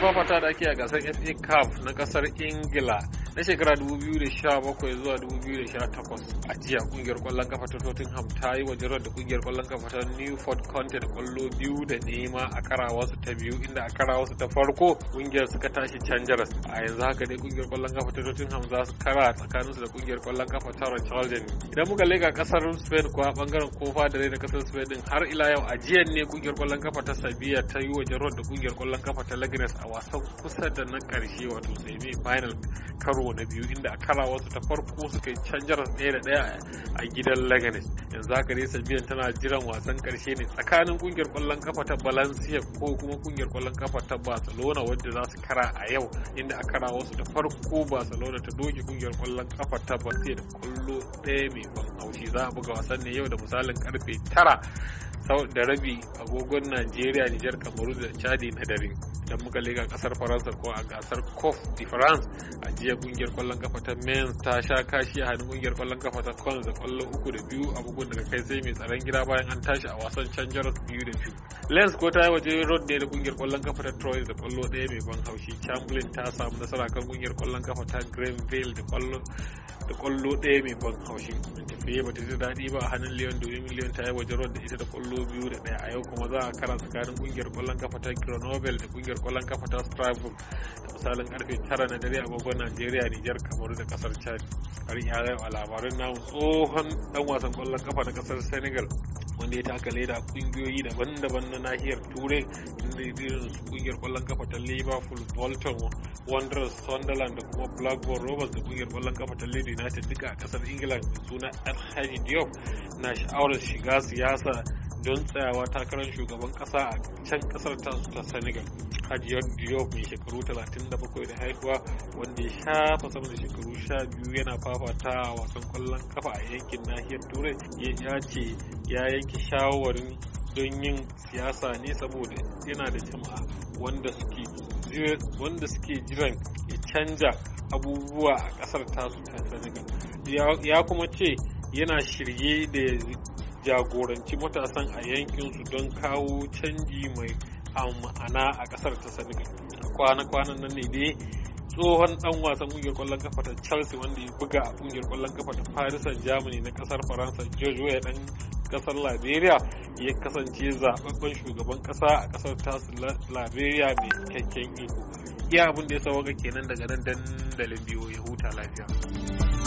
ta da ake a gasar FA Cup na kasar Ingila na shekara 2017 zuwa 2018 a jiya kungiyar kwallon kafa ta Tottenham ta yi wajen da kungiyar kwallon kafa ta Newport County da kwallo biyu da nema a karawarsu ta biyu inda a karawarsu ta farko kungiyar suka tashi can a yanzu haka dai kungiyar kwallon kafa ta Tottenham za su kara tsakaninsu da kungiyar kwallon kafa ta Rochelle idan muka lega kasar Spain ko a bangaren kofa da rai da kasar Spain din har ila yau a jiya ne kungiyar kwallon kafa ta Sabiya ta yi wajen da kungiyar kwallon kafa ta Leganes a wasan kusa da na karshe wato semi final karo na biyu inda a wasu ta farko suka yi canjar ɗaya da ɗaya a gidan Leganes. Yanzu haka ne Sabiyan tana jiran wasan karshe ne tsakanin kungiyar ƙwallon kafa ta Valencia ko kuma kungiyar ƙwallon kafa ta Barcelona wadda za su kara a yau inda a wasu ta farko Barcelona ta doke kungiyar ƙwallon kafa ta barcelona da kwallo ɗaya mai ban haushi za a buga wasan ne yau da misalin karfe tara da rabi agogon Najeriya, Nijar, Kamaru da Chadi na dare. idan muka liga kasar faransa ko a gasar cof de france a jiya kungiyar kwallon kafa ta men ta sha kashi a hannun kungiyar kwallon kafa ta cons da kwallo uku da biyu a bugun daga kai sai mai tsaron gida bayan an tashi a wasan can biyu da biyu lens ko ta yi waje road ne da kungiyar kwallon kafa ta troy da kwallo ɗaya mai ban haushi chamberlain ta samu nasara kan kungiyar kwallon kafa ta grenville da kwallo da kwallo daya mai ban haushi tafiye ba ta ji daɗi ba a hannun leon domin miliyan ta yi waje da ita da kwallo biyu da ɗaya a yau kuma za a kara tsakanin kungiyar kwallon kafa ta grenoble da kungiyar kwallon kafa ta strasbourg da misalin karfe tara na dare agogon najeriya nijar kamaru da kasar chad har ya a labarin namu tsohon dan wasan kwallon kafa na kasar senegal wanda ya taka leda kungiyoyi daban-daban na nahiyar turai inda zira su kungiyar kwallon kafa ta liverpool bolton wanderers sunderland da kuma blackburn rovers da kungiyar kwallon kafa ta leda united duka a kasar england suna alhaji diop na sha'awar shiga siyasa don tsayawa takarar shugaban kasa a can kasar ta senegal hajiyar diop mai shekaru 37 da haihuwa wanda ya shafa sama da shekaru sha biyu yana fafata wasan kwallon kafa a yankin nahiyar turai ya ce ya yanke shawarin don yin siyasa ne saboda yana da jama'a wanda suke jiran ya canja abubuwa a kasar tasu ta senegal ya kuma ce yana shirye da jagoranci matasan a yankinsu don kawo canji mai um, ma'ana a kasar ta senegal kwana-kwanan nan ne dai tsohon dan wasan kungiyar kwallon kafa ta Chelsea wanda ya buga a kungiyar kwallon kafa ta Paris Saint-Germain na kasar Faransa George Weah dan kasar Liberia ya kasance zababben shugaban kasa a kasar ta Liberia mai cikakken iko. Iya abin da ya sauka kenan daga nan dandalin biyo ya huta lafiya.